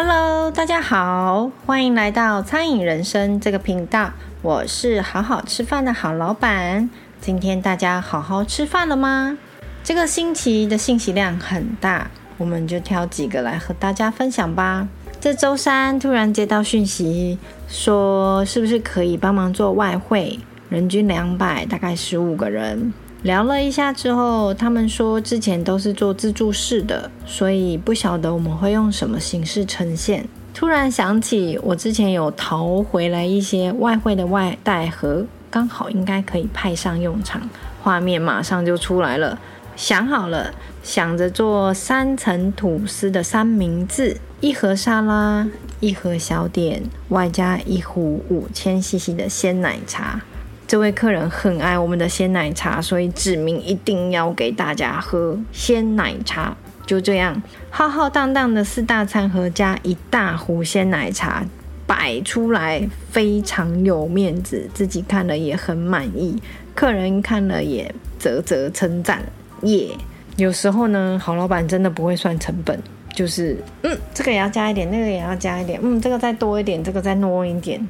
Hello，大家好，歡迎來到餐飲人生這個頻道。我是好好吃飯的好老板。今天大家好好吃飯了嗎？這個星期的信息量很大，我們就挑幾個來和大家分享吧。這週三突然接到訊息，說是不是可以幫忙做外燴，人均兩百，大概十五個人。聊了一下之後，他們說之前都是做自助式的，所以不曉得我們會用什麼形式呈現。突然想起我之前有淘回來一些外匯的外帶盒，剛好應該可以派上用場。畫面馬上就出來了，想好了，想着做三層吐司的三明治，一盒沙拉，一盒小點，外加一壺五千 CC 的鮮奶茶。這位客人很愛我們的鮮奶茶，所以指明一定要給大家喝鮮奶茶。就這樣，浩浩蕩蕩的四大餐盒加一大壺鮮奶茶擺出來，非常有面子，自己看了也很滿意，客人看了也嘖嘖稱讚。耶、yeah!！有時候呢，好老闆真的不會算成本，就是嗯，這個也要加一點，那、這個也要加一點，嗯，這個再多一點，這個再多一點。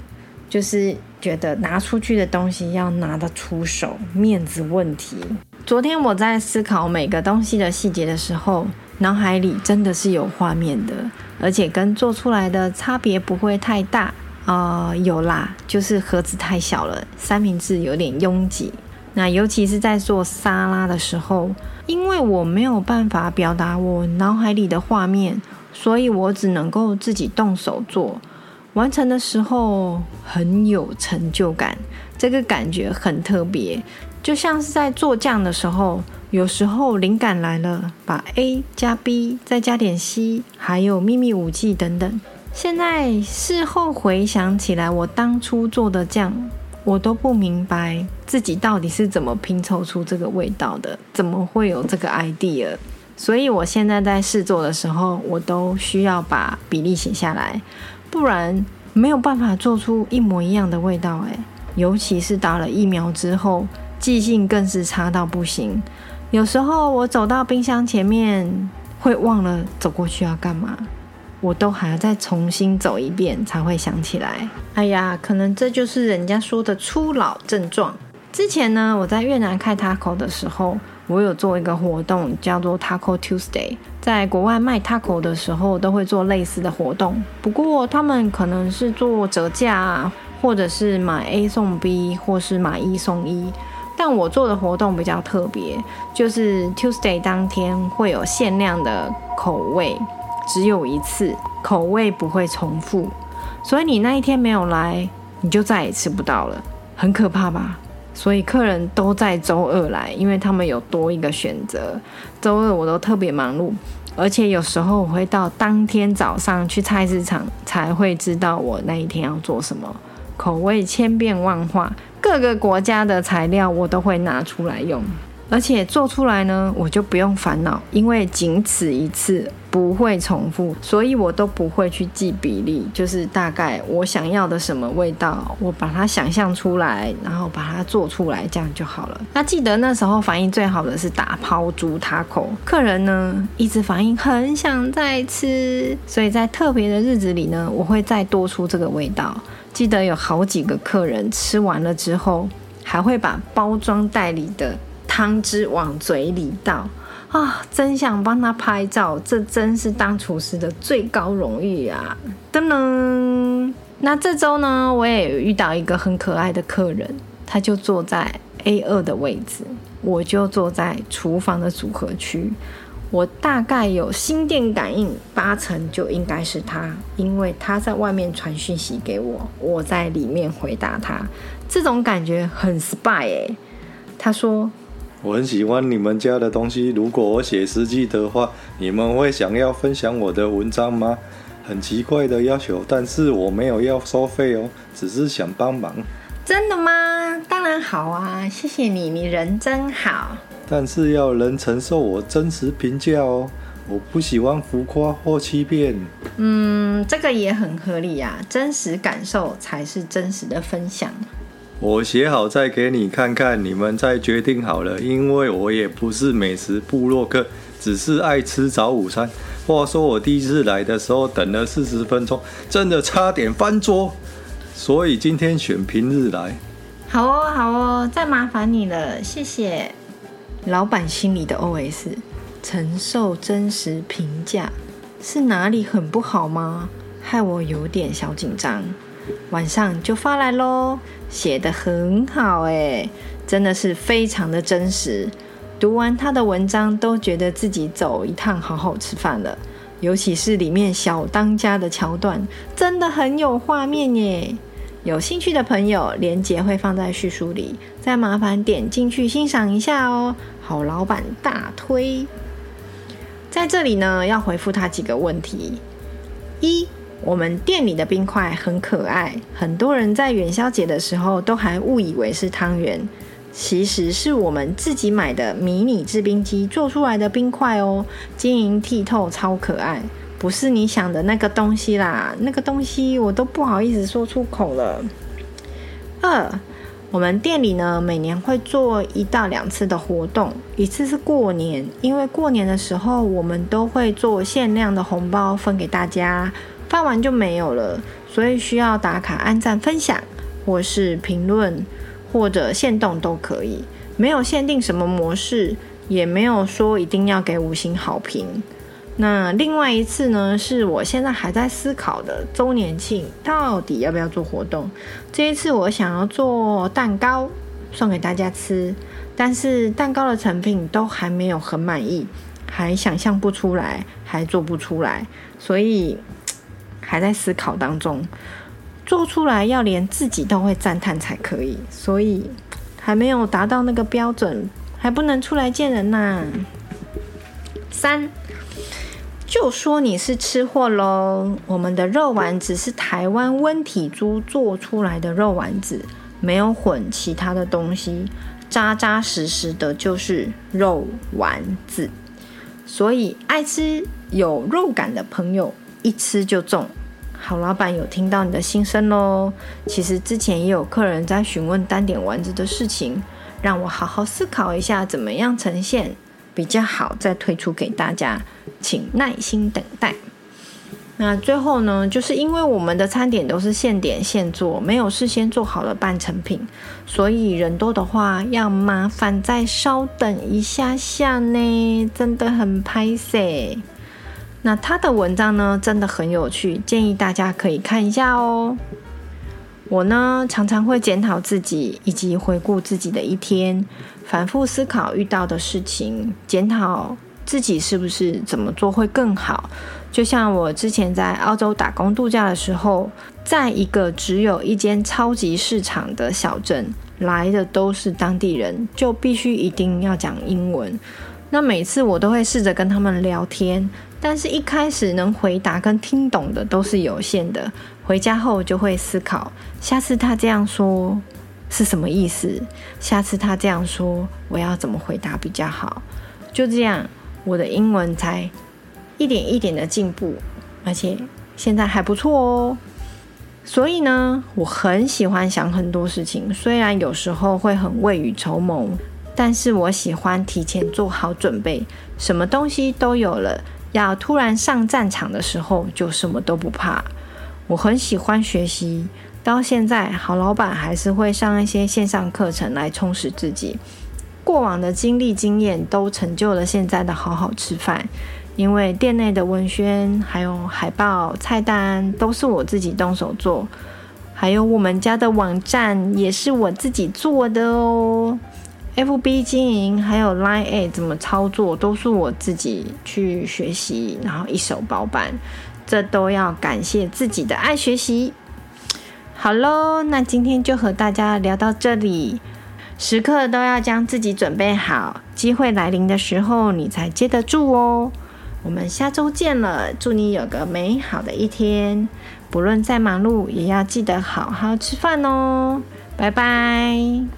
就是覺得拿出去的東西要拿得出手，面子問題。昨天我在思考每個東西的細節的時候，腦海裡真的是有畫面的，而且跟做出來的差別不會太大。啊、呃，有啦，就是盒子太小了，三明治有點擁擠。那尤其是在做沙拉的時候，因為我沒有辦法表達我腦海裡的畫面，所以我只能夠自己動手做。完成的時候很有成就感，這個感覺很特別，就像是在做醬的時候，有時候靈感來了，把 A 加 B 再加點 C，還有秘密武器等等。現在事後回想起來，我當初做的醬，我都不明白自己到底是怎麼拼湊出這個味道的，怎麼會有這個 idea。所以，我現在在試做的時候，我都需要把比例寫下來。不然沒有辦法做出一模一樣的味道，哎，尤其是打了疫苗之後，記性更是差到不行。有時候我走到冰箱前面，會忘了走過去要幹嘛，我都還要再重新走一遍才會想起來。哎呀，可能這就是人家說的初老症狀。之前呢，我在越南開塔可的時候，我有做一個活動，叫做 Taco Tuesday。在國外賣 taco 的時候，都會做類似的活動，不過他們可能是做折價，或者是買 A 送 B，或是買一送一。但我做的活動比較特別，就是 Tuesday 當天會有限量的口味，只有一次，口味不會重複，所以你那一天沒有來，你就再也吃不到了，很可怕吧？所以客人都在週二來，因為他們有多一個選擇。週二我都特別忙碌，而且有時候我會到當天早上去菜市場，才會知道我那一天要做什麼。口味千變萬化，各個國家的材料我都會拿出來用。而且做出來呢，我就不用煩惱，因為僅此一次不會重複，所以我都不會去記比例，就是大概我想要的什麼味道，我把它想象出來，然後把它做出來，這樣就好了。那記得那時候反應最好的是打拋豬塔口，客人呢一直反應很想再吃，所以在特別的日子裡呢，我會再多出這個味道。記得有好幾個客人吃完了之後，還會把包裝袋裡的。湯汁往嘴裡倒，啊，真想幫他拍照，這真是當廚師的最高榮譽啊！噔噔。那這週呢，我也遇到一個很可愛的客人，他就坐在 A2 的位置，我就坐在廚房的組合區。我大概有心電感應，八成就應該是他，因為他在外面傳訊息給我，我在裡面回答他。這種感覺很 spy 哎、欸，他說。我很喜歡你們家的東西。如果我寫食記的話，你們會想要分享我的文章嗎？很奇怪的要求，但是我沒有要收費哦，只是想幫忙。真的嗎？當然好啊，謝謝你，你人真好。但是要能承受我真實評價哦，我不喜歡浮誇或欺騙。嗯，這個也很合理呀，真實感受才是真實的分享。我寫好再給你看看，你們再決定好了。因為我也不是美食部落客，只是愛吃早午餐。話說我第一次來的時候等了四十分鐘，真的差點翻桌，所以今天選平日來。好哦，好哦，再麻煩你了，謝謝。老闆心裡的 OS：承受真實評價是哪裡很不好嗎？害我有點小緊張。晚上就發來嘍，寫得很好哎，真的是非常的真實。讀完他的文章，都覺得自己走一趟好好吃飯了。尤其是裡面小當家的橋段，真的很有畫面耶。有興趣的朋友，連結會放在敘述裡，再麻煩點進去欣賞一下哦。好老板大推，在這裡呢，要回覆他幾個問題，一。我們店裡的冰塊很可愛，很多人在元宵節的時候都還誤以為是湯圓，其實是我們自己買的迷你制冰機做出來的冰塊哦，晶瑩剔透，超可愛，不是你想的那個東西啦。那個東西我都不好意思說出口了。二，我們店裡呢，每年會做一到兩次的活動，一次是過年，因為過年的時候我們都會做限量的紅包分給大家。發完就沒有了，所以需要打卡、按讚、分享，或是評論，或者限動都可以。沒有限定什麼模式，也沒有說一定要給五星好評。那另外一次呢，是我現在還在思考的周年慶，到底要不要做活動？這一次我想要做蛋糕送給大家吃，但是蛋糕的成品都還沒有很滿意，還想象不出來，還做不出來，所以。還在思考當中，做出來要連自己都會讚嘆才可以，所以還沒有達到那個標準，還不能出來見人吶、啊。三，就說你是吃貨嘍。我們的肉丸子是台灣溫體豬做出來的肉丸子，沒有混其他的東西，扎扎實實的就是肉丸子。所以愛吃有肉感的朋友。一吃就中，好老闆有聽到你的心聲嘍。其實之前也有客人在詢問單點丸子的事情，讓我好好思考一下怎麼樣呈現比較好，再推出給大家，請耐心等待。那最後呢，就是因為我們的餐點都是現點現做，沒有事先做好的半成品，所以人多的話要麻煩再稍等一下下呢，真的很拍那他的文章呢，真的很有趣，建議大家可以看一下哦。我呢，常常會檢討自己，以及回顧自己的一天，反覆思考遇到的事情，檢討自己是不是怎麼做會更好。就像我之前在澳洲打工度假的時候，在一個只有一間超級市場的小鎮，來的都是當地人，就必須一定要講英文。那每次我都會試着跟他們聊天，但是一開始能回答跟聽懂的都是有限的。回家後就會思考，下次他這樣說是什麼意思？下次他這樣說，我要怎麼回答比較好？就這樣，我的英文才一點一點的進步，而且現在還不錯哦。所以呢，我很喜歡想很多事情，雖然有時候會很未雨綢繆。但是我喜歡提前做好準備，什麼東西都有了，要突然上戰場的時候就什麼都不怕。我很喜歡學習，到現在好老闆還是會上一些線上課程來充實自己。過往的經歷經驗都成就了現在的好好吃飯，因為店內的文宣還有海報、菜單都是我自己動手做，還有我們家的網站也是我自己做的哦。F B 經營還有 Line A 怎麼操作，都是我自己去學習，然後一手包辦，這都要感謝自己的愛學習。好嘍，那今天就和大家聊到這裡。時刻都要將自己準備好，機會來臨的時候你才接得住哦。我們下周見了，祝你有個美好的一天。不論再忙碌，也要記得好好吃飯哦。拜拜。